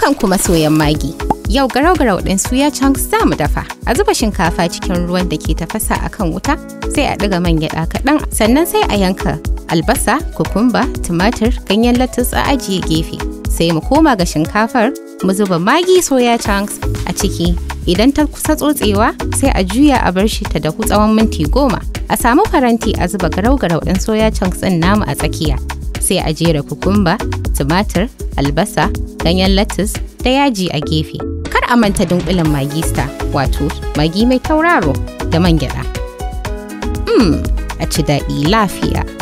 Dukan kuma soyan magi. Yau garau-garau ɗin suya chunks za mu dafa. A zuba shinkafa cikin ruwan da ke tafasa a kan wuta, sai a ɗiga man gyaɗa kaɗan, sannan sai a yanka albasa, kukumba, tumatir, ganyen lettuce a ajiye gefe. Sai mu koma ga shinkafar, mu zuba magi soya chunks a ciki. Idan ta kusa tsotsewa, sai a juya a bar shi ta dahu tsawon minti goma. A samu faranti a zuba garau-garau ɗin soya chunks ɗin namu a tsakiya. sai a jera kukumba, tumatir, albasa, ganyen lettuce da yaji a gefe. Kar a manta dunkulen magista wato magi mai tauraro da man gyada. Mmm, a ci daɗi lafiya.